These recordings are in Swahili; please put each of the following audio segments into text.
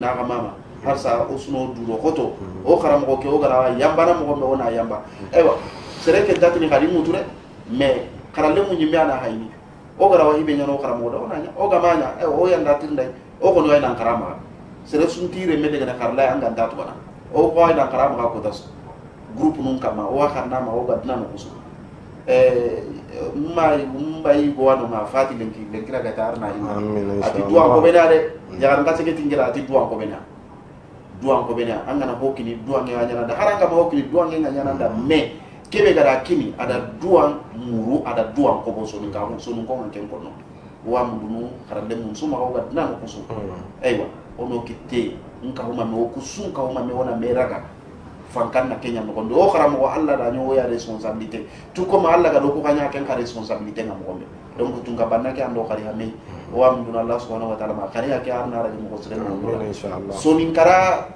n'a mama harsa o suno duro koto o karamɔgɔ ke o gara yamba na mɛ o n'a yamba ewa sere ke datini kadi muture me mais karale mu nyimbe ana hayni o gara wa hibe ñano karamɔgɔ da o naña o gama o yanda datir nday o ko ay nan karama sere suntire me degene karla an gan bana o ko ay nan karamaga kotas groupe nun kama o wa karnama o gadina no kusu mmay mmbayi fati lenki lenkira gata ati duwan de yaran ka sege ati duwan ko bena duwan ko bena an kana hokini duwan ngi anyana da haranga ma hokini duwan mm. kini ada duwan muru ada duwan ko bo sunu ka sunu ko ngi ko no wa mudunu karande mun suma ko gadna ko sunu aywa mm. ono kitte nka me okusun fankan na kenya no o xara mo Allah da nyo ya responsabilité tout comme Allah ga do ko kanya ken ka responsabilité ngam gombe donc tunga banna ke ando khari hame o mm-hmm. amdun Allah subhanahu wa ta'ala ma khari ya ke arna ra mo sere mo so nin kara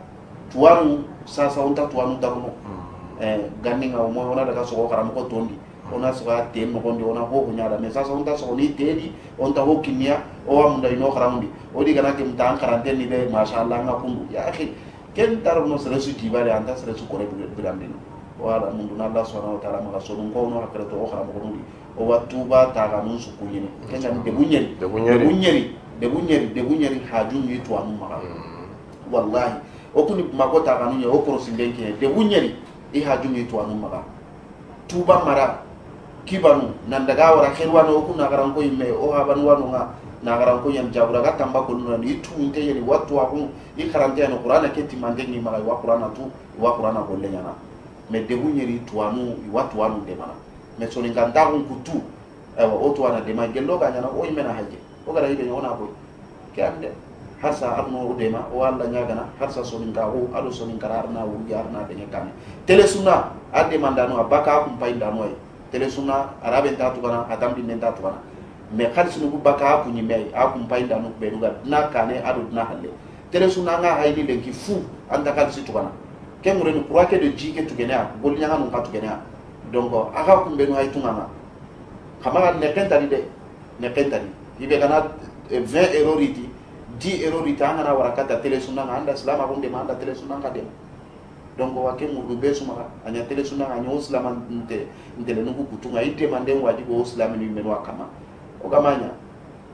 tuanu sasa onta tuanu da mo mm-hmm. eh ganni ngam mo ona daga so ko khara tondi mm-hmm. ona soga te no ona ho hunya da mesa so onta so ni te di onta ho kimia o amunda ino khara mundi o di gana ke mutan karante ni be masha Allah ngakundu ya akhi ken tara no seresu kibare anta seresu kore biramdino wala mundu na allah subhanahu wa ta'ala maga sonu ko no hakara to okhara mo ndi o watuba taga mun su kunyini ken tan de bunyeri de bunyeri de bunyeri de bunyeri haju ni to amu maga wallahi o kuni mago taga nunya o korosi denke de bunyeri i haju ni to amu maga tuba mara kibanu nan daga wara khelwa no kuna garan ko imme o e habanu wanu nga nagaran ko yan ga tamba ko gollunan i tumunte yani watu aku i karante yani qur'ana ke ti timante ni maga wa qur'ana tu wa qur'ana ko me de tu anu ñana mais debu ñeri tuwanu iwa tuwanu demana mais soninkantaxun kutu otu ana de dema gello ga yana ñana wo imena hajje wo gara de ñogona ko ke an de har sa arno o dema o alla ni har alu so ni karar na wu yar na de kame tele sunna ade mandano abaka baka pai cumpayindano ay tele sunna arabe ta bana adam tamɗinnen ta bana mais hali sunugu baka a kuñimme ay a kumpayi danu kuɓenuga dina kane aɗo dina halle tere suna anga hayni lenki fu anta kalisi tugana ke ŋureni kura ke do ji ke tugeneya golñaga nun ka tugeneya donc aga kumbenu hay tunganga xamaga nekentani de nekentani iɓe gana 20 euro riti 10 euro riti angana wara kata tele sunanga anda silama kundema anda tele sunanga dema donc wa ke murdu be sumaga aña tele sunanga aña wo silama ntele nugu kutunga i demanden wajibo wo silamini men wa kama ogamanya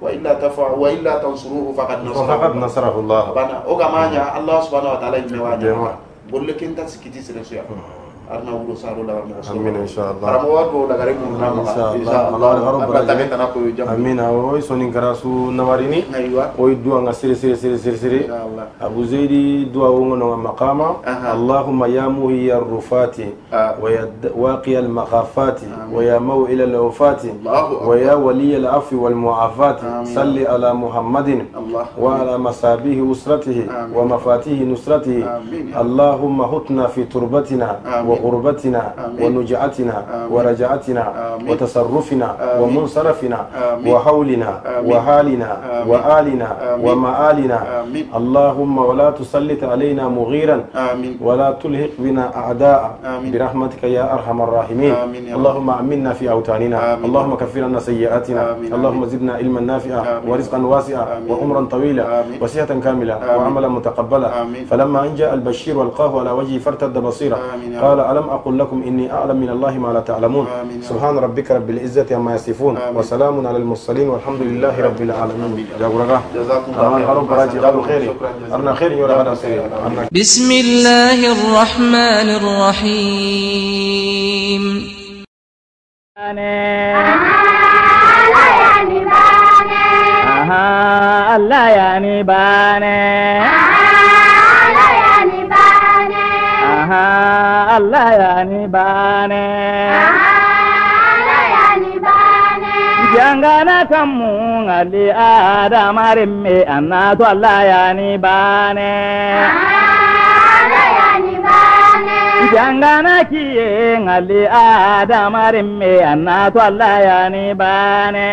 وإلا تفع وإلا تنصروه فقد نصره فقد نصره الله بنا أوغامانيا الله سبحانه وتعالى يموانا بقول لك أنت سكتي سرسيا arna wulo salo la mo so amina inshallah ara mo wado la mun na ma inshallah ya rabb alamin tana ko jam amina o eh, so nin kara su nawarini aywa o sire sire sire sire sire inshallah abu zaidi duwa wongo no maqama allahumma ya muhi arrufati ah. wa ya waqi al makhafati wa ya mawil al wafati wa ya wali al afwi wal muafati salli ala muhammadin wa ala masabihi usratihi wa mafatihi nusratihi allahumma hutna fi turbatina وغربتنا ونجعتنا ورجعتنا وتصرفنا ومنصرفنا وحولنا وحالنا وآلنا ومآلنا اللهم ولا تسلط علينا مغيرا ولا تلهق بنا أعداء برحمتك يا أرحم الراحمين اللهم أمنا في أوتاننا اللهم كفر عنا سيئاتنا اللهم زدنا علما نافعا ورزقا واسعا وعمرا طويلا وصحة كاملة وعملا متقبلا فلما أن جاء البشير والقاه على وجهه فارتد بصيره قال ألم أقل لكم إني أعلم من الله ما لا تعلمون آمين. سبحان ربك رب العزة عما يصفون وسلام على المرسلين والحمد لله رب العالمين جزاكم الله خير أرنا خير يورا بسم الله الرحمن الرحيم أها الله يعني بانه alayani bane ni bane jangana kammu ngali adamarimme annatu alayani bane ni bane jangana kiye ngali adamarimme annatu ni bane